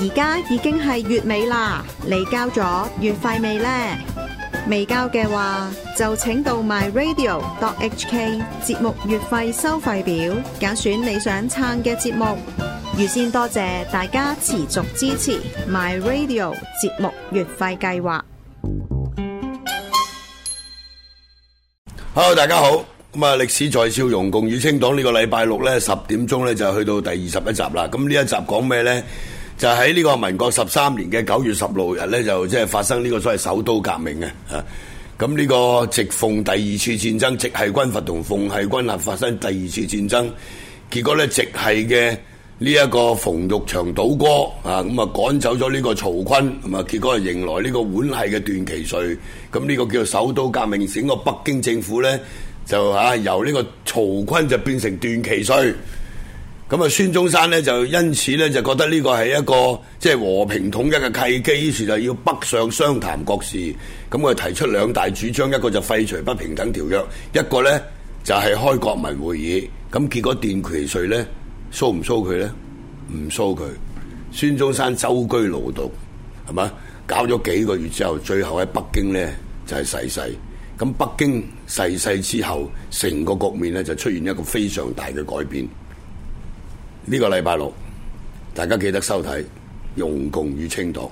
而家已經係月尾啦，你交咗月費未呢？未交嘅話，就請到 myradio.hk 節目月費收費表，揀選你想撐嘅節目。預先多謝大家持續支持 myradio 節目月費計劃。Hello，大家好。咁啊，歷史在笑，容共與清黨呢個禮拜六咧十點鐘咧就去到第二十一集啦。咁呢一集講咩呢？就喺呢個民國十三年嘅九月十六日呢就即係發生呢個所謂首都革命嘅嚇。咁、啊、呢個直奉第二次戰爭，直系軍閥同奉系軍閥發生第二次戰爭，結果呢，直系嘅呢一個馮玉祥倒戈啊，咁啊趕走咗呢個曹坤，同、啊、埋結果係迎來呢個皖系嘅段祺瑞。咁、啊、呢、這個叫做首都革命，整個北京政府呢，就啊由呢個曹坤就變成段祺瑞。咁啊，孫中山咧就因此咧就覺得呢個係一個即係和平統一嘅契機，於是就要北上商談國事。咁佢提出兩大主張，一個就廢除不平等條約，一個咧就係開國民會議。咁結果段祺瑞咧，騷唔騷佢咧？唔騷佢。孫中山舟車勞頓，係嘛？搞咗幾個月之後，最後喺北京咧就係逝世。咁北京逝世之後，成個局面咧就出現一個非常大嘅改變。呢個禮拜六，大家記得收睇《容共與清黨》。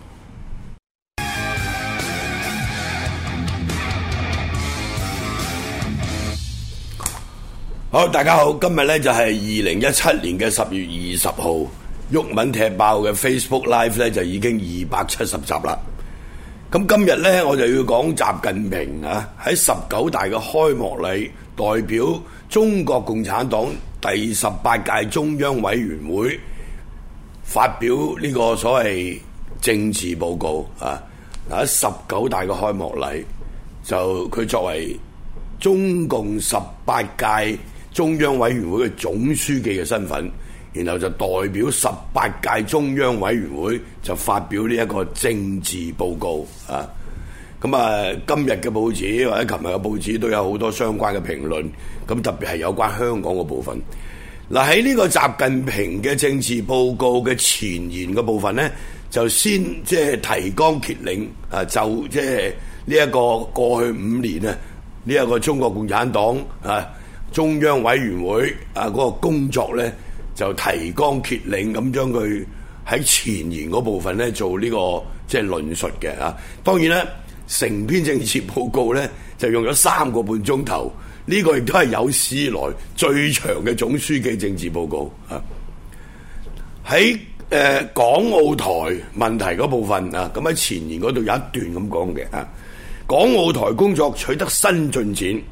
好，大家好，今日呢就係二零一七年嘅十月二十號，毓民踢爆嘅 Facebook Live 呢就已經二百七十集啦。咁今日呢，我就要講習近平啊，喺十九大嘅開幕禮，代表中國共產黨，第十八屆中央委員會發表呢個所謂政治報告啊！嗱，十九大嘅開幕禮，就佢作為中共十八屆中央委員會嘅總書記嘅身份，然後就代表十八屆中央委員會就發表呢一個政治報告啊！咁啊，今日嘅報紙或者琴日嘅報紙都有好多相關嘅評論。咁特別係有關香港嘅部分。嗱，喺呢個習近平嘅政治報告嘅前言嘅部分呢，就先即係提綱挈領啊，就即係呢一個過去五年啊，呢、這、一個中國共產黨啊中央委員會啊嗰個工作呢，就提綱挈領咁將佢喺前言嗰部分呢做呢個即係論述嘅啊。當然呢。成篇政治報告呢，就用咗三個半鐘頭，呢、這個亦都係有史以來最長嘅總書記政治報告啊！喺誒、呃、港澳台問題嗰部分啊，咁喺前言嗰度有一段咁講嘅啊，港澳台工作取得新進展，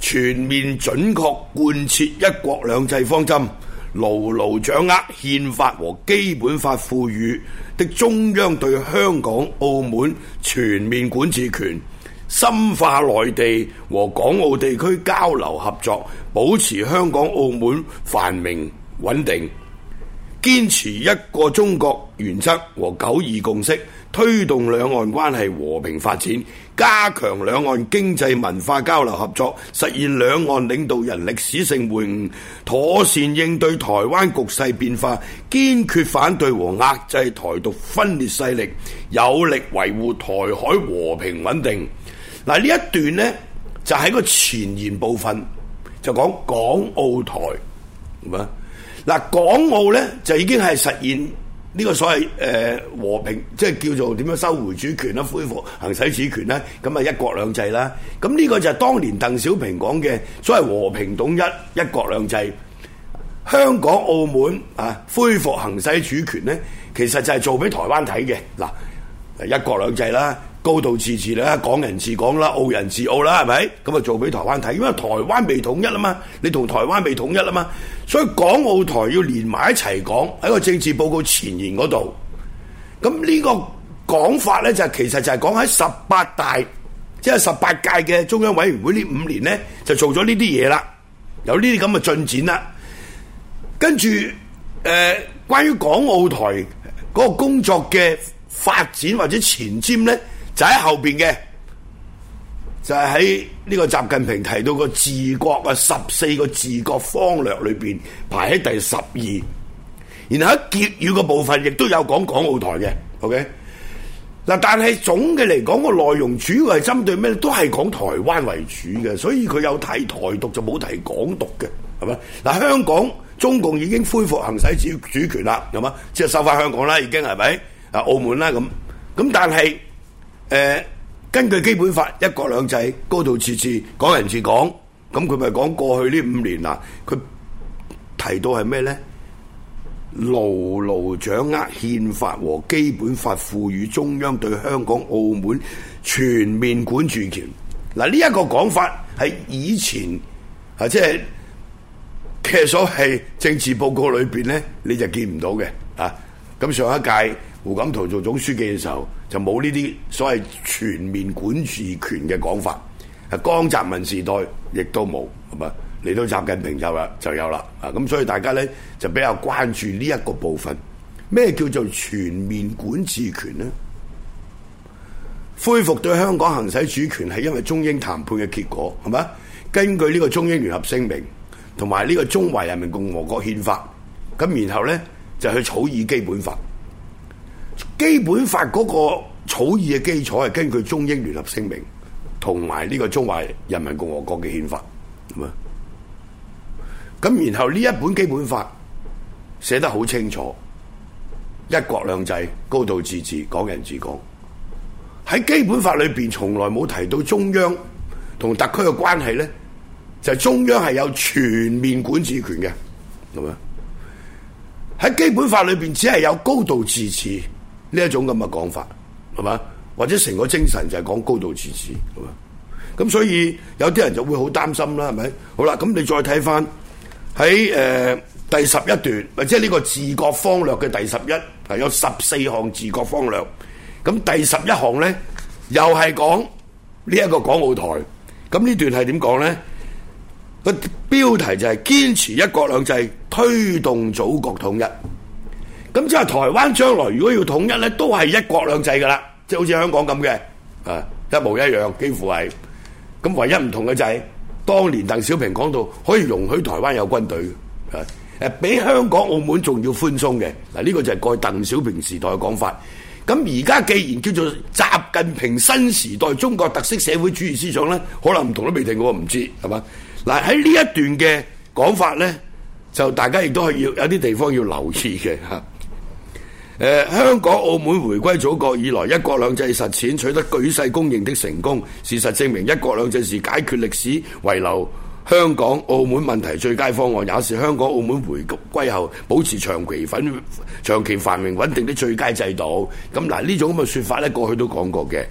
全面準確貫徹一國兩制方針。牢牢掌握憲法和基本法賦予的中央對香港、澳門全面管治權，深化內地和港澳地區交流合作，保持香港、澳門繁榮穩定，堅持一個中國原則和九二共識。推動兩岸關係和平發展，加強兩岸經濟文化交流合作，實現兩岸領導人歷史性會晤，妥善應對台灣局勢變化，堅決反對和遏制台獨分裂勢力，有力維護台海和平穩定。嗱，呢一段呢，就係個前言部分，就講港澳台，嗱，港澳呢，就已經係實現。呢個所謂誒、呃、和平，即係叫做點樣收回主權啦，恢復行使主權啦，咁啊一國兩制啦。咁、這、呢個就係當年鄧小平講嘅所謂和平統一、一國兩制。香港、澳門啊，恢復行使主權咧，其實就係做俾台灣睇嘅。嗱，一國兩制啦。高度自治啦，港人治港啦，澳人治澳啦，係咪？咁啊，做俾台灣睇，因為台灣未統一啦嘛，你同台灣未統一啦嘛，所以港澳台要連埋一齊講喺個政治報告前言嗰度。咁呢個講法呢，就其實就係講喺十八大，即係十八屆嘅中央委員會呢五年呢，就做咗呢啲嘢啦，有呢啲咁嘅進展啦。跟住誒，關於港澳台嗰個工作嘅發展或者前瞻呢。就喺後邊嘅，就係喺呢個習近平提到個治國嘅十四個治國方略裏邊排喺第十二，然後喺結語嘅部分亦都有講港澳台嘅，OK 嗱，但係總嘅嚟講個內容主要係針對咩？都係講台灣為主嘅，所以佢有,有提台獨就冇提港獨嘅，係嘛？嗱，香港中共已經恢復行使主主權啦，係嘛？即係收翻香港啦，已經係咪？啊，澳門啦咁，咁但係。誒、呃，根據基本法一國兩制高度自治，港人治港，咁佢咪講過去呢五年啦？佢提到係咩咧？牢牢掌握憲法和基本法，賦予中央對香港、澳門全面管治權。嗱，呢、這、一個講法喺以前啊，即係其實所謂政治報告裏邊咧，你就見唔到嘅啊。咁上一屆胡錦濤做總書記嘅時候。就冇呢啲所謂全面管治權嘅講法，係江澤民時代亦都冇，係嘛？嚟到習近平就啦就有啦，啊咁所以大家咧就比較關注呢一個部分，咩叫做全面管治權咧？恢復對香港行使主權係因為中英談判嘅結果，係嘛？根據呢個中英聯合聲明同埋呢個中華人民共和國憲法，咁然後咧就去草擬基本法。基本法嗰個草擬嘅基礎係根據中英聯合聲明同埋呢個中華人民共和國嘅憲法，咁啊。咁然後呢一本基本法寫得好清楚，一國兩制、高度自治、港人治港。喺基本法裏邊從來冇提到中央同特區嘅關係咧，就係中央係有全面管治權嘅，咁啊。喺基本法裏邊只係有高度自治。呢一種咁嘅講法係嘛，或者成個精神就係講高度自治咁嘛。咁所以有啲人就會好擔心啦，係咪？好啦，咁你再睇返喺誒第十一段，或者呢個治國方略嘅第十一係有十四項治國方略。咁第十一項咧，又係講呢一個港澳台。咁呢段係點講咧？個標題就係堅持一國兩制，推動祖國統一。咁即係台灣將來如果要統一呢，都係一國兩制噶啦，即係好似香港咁嘅，啊，一模一樣，幾乎係。咁唯一唔同嘅就係，當年鄧小平講到可以容許台灣有軍隊，啊，比香港澳門仲要寬鬆嘅。嗱，呢個就係過鄧小平時代嘅講法。咁而家既然叫做習近平新時代中國特色社會主義思想呢，可能唔同都未定喎，唔知係嘛？嗱，喺呢一段嘅講法呢，就大家亦都係要有啲地方要留意嘅嚇。啊誒、呃，香港澳門回歸祖國以來，一國兩制實踐取得舉世公認的成功。事實證明，一國兩制是解決歷史遺留香港澳門問題最佳方案，也是香港澳門回歸後保持長期繁、長期繁榮穩定的最佳制度。咁嗱，呢種咁嘅說法呢，過去都講過嘅。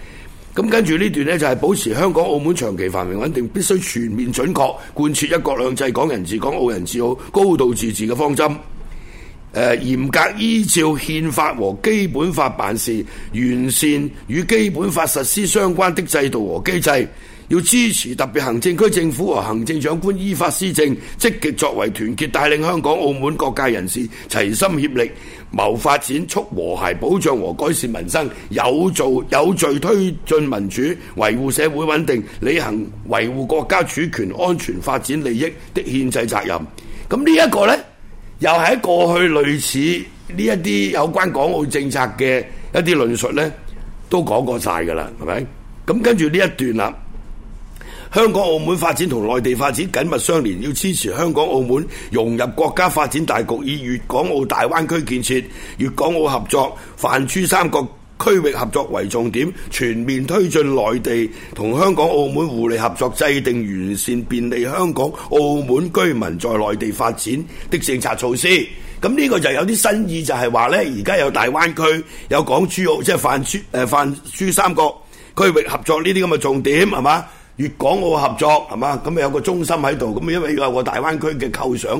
咁跟住呢段呢，就係、是、保持香港澳門長期繁榮穩定，必須全面準確貫徹一國兩制、港人治港、澳人治澳、高度自治嘅方針。誒，嚴、呃、格依照憲法和基本法辦事，完善與基本法實施相關的制度和機制，要支持特別行政區政府和行政長官依法施政，積極作為團結、團結帶領香港、澳門各界人士齊心協力謀發展、促和諧、保障和改善民生，有做有序推進民主，維護社會穩定，履行維護國家主權、安全、發展利益的憲制責任。咁呢一個呢，又係喺過去類似呢一啲有關港澳政策嘅一啲論述呢，都講過晒㗎啦，係咪？咁跟住呢一段啦，香港澳門發展同內地發展緊密相連，要支持香港澳門融入國家發展大局，以粵港澳大灣區建設、粵港澳合作、泛珠三角區域合作為重點，全面推進內地同香港、澳門互利合作，制定完善便利香港、澳門居民在內地發展的政策措施。咁呢個就有啲新意就，就係話呢而家有大灣區，有港珠澳，即係泛珠、誒泛珠三角區域合作呢啲咁嘅重點，係嘛？粵港澳合作，係嘛？咁有個中心喺度，咁因為有個大灣區嘅構想，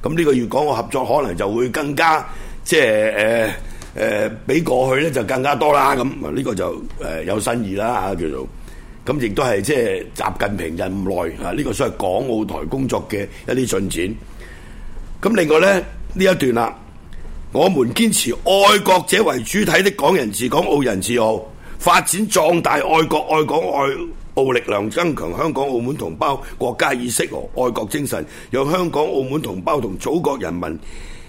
咁呢個粵港澳合作可能就會更加即係誒比過去咧就更加多啦咁，呢個就誒有新意啦嚇叫做，咁、啊、亦都係即係習近平任內啊，呢、這個所謂港澳台工作嘅一啲進展。咁、啊、另外咧呢一段啦，我們堅持愛國者為主體的港人治港、澳人治澳，發展壯大愛國愛港愛澳力量，增強香港澳門同胞國家意識和愛國精神，讓香港澳門同胞同祖國人民。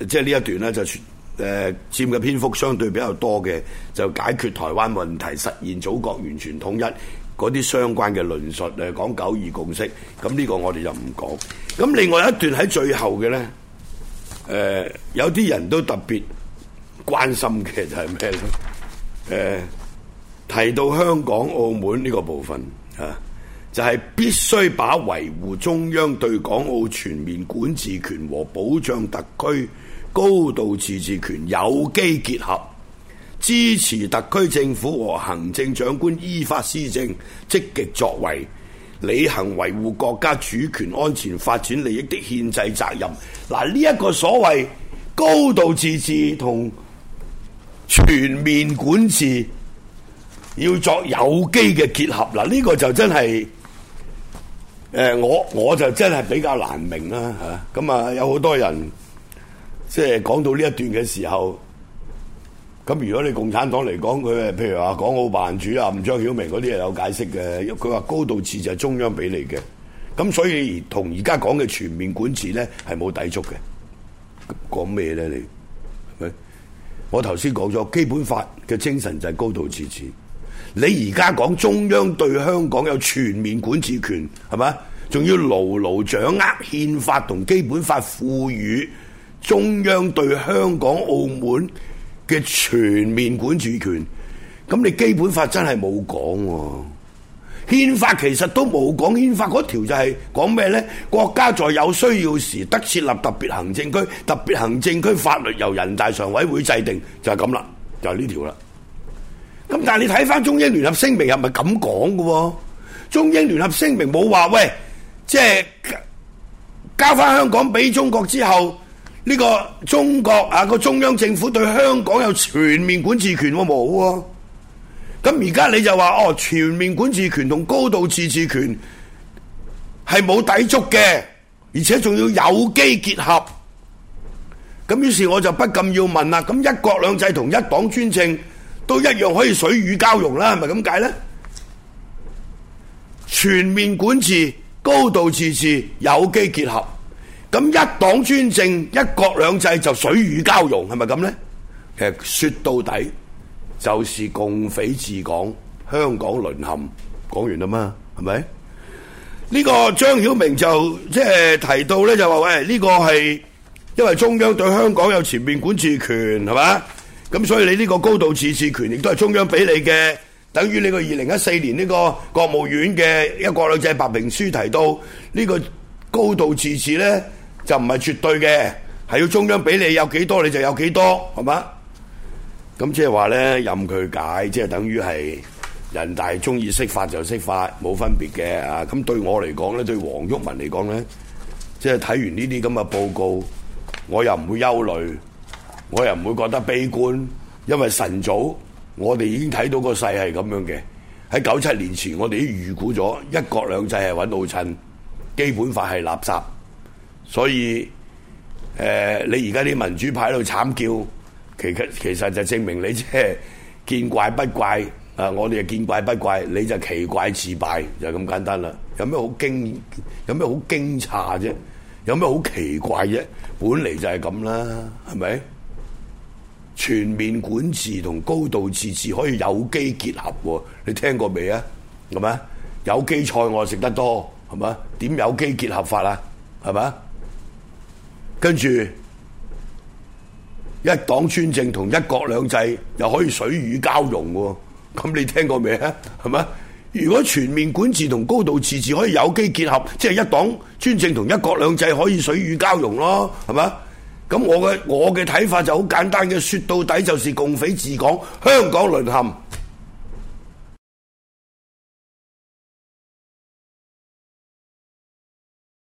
即係呢一段咧，就誒、呃、佔嘅篇幅相對比較多嘅，就解決台灣問題、實現祖國完全統一嗰啲相關嘅論述誒，講九二共識。咁呢個我哋就唔講。咁另外一段喺最後嘅呢，誒、呃、有啲人都特別關心嘅就係咩咧？誒、呃、提到香港、澳門呢個部分嚇、啊，就係、是、必須把維護中央對港澳全面管治權和保障特區。高度自治權有機結合，支持特區政府和行政長官依法施政，積極作為，履行維護國家主權、安全、發展利益的憲制責任。嗱，呢、這、一個所謂高度自治同全面管治要作有機嘅結合，嗱，呢、這個就真係誒、呃，我我就真係比較難明啦吓，咁啊有好多人。即係講到呢一段嘅時候，咁如果你共產黨嚟講，佢譬如話港澳辦主啊、唔張曉明嗰啲係有解釋嘅，佢話高度自治係中央俾你嘅，咁所以同而家講嘅全面管治咧係冇抵觸嘅。講咩咧？你，係咪？我頭先講咗基本法嘅精神就係高度自治。你而家講中央對香港有全面管治權，係咪？仲要牢牢掌握憲，憲法同基本法賦予。中央對香港、澳門嘅全面管治權，咁你基本法真係冇講，憲法其實都冇講，憲法嗰條就係講咩呢？國家在有需要時得設立特別行政區，特別行政區法律由人大常委會制定，就係咁啦，就係呢條啦。咁但係你睇翻中英聯合聲明係咪咁講㗎？中英聯合聲明冇話喂，即係交翻香港俾中國之後。呢個中國啊，個中央政府對香港有全面管治權，我冇啊。咁而家你就話哦，全面管治權同高度自治權係冇抵觸嘅，而且仲要有機結合。咁於是我就不禁要問啦，咁一國兩制同一黨專政都一樣可以水乳交融啦，係咪咁解咧？全面管治、高度自治、有機結合。咁一黨專政、一國兩制就水乳交融，係咪咁咧？其實說到底，就是共匪治港、香港淪陷，講完啦嘛，係咪？呢個張曉明就即係提到咧，就話喂，呢個係因為中央對香港有全面管治權，係嘛？咁所以你呢個高度自治權，亦都係中央俾你嘅，等於你個二零一四年呢個國務院嘅一國兩制白皮書提到呢個高度自治咧，就唔係絕對嘅，係要中央俾你有幾多，你就有幾多，係嘛？咁即係話咧，任佢解，即係等於係人大中意釋法就釋法，冇分別嘅啊！咁對我嚟講咧，對黃毓民嚟講咧，即係睇完呢啲咁嘅報告，我又唔會憂慮，我又唔會覺得悲觀，因為晨早我哋已經睇到個勢係咁樣嘅。喺九七年前，我哋已經預估咗一國兩制係揾老襯，基本法係垃圾。所以，誒、呃，你而家啲民主派喺度慘叫，其實其實就證明你即係 見怪不怪啊、呃！我哋見怪不怪，你就奇怪自敗就咁簡單啦。有咩好驚？有咩好驚訝啫？有咩好奇怪啫？本嚟就係咁啦，係咪？全面管治同高度自治可以有機結合喎，你聽過未啊？係咪？有機菜我食得多，係咪？點有機結合法啊？係咪？跟住一黨專政同一國兩制又可以水乳交融喎，咁你聽過未啊？係咪？如果全面管治同高度自治可以有機結合，即係一黨專政同一國兩制可以水乳交融咯，係咪？咁我嘅我嘅睇法就好簡單嘅，說到底就是共匪治港，香港淪陷。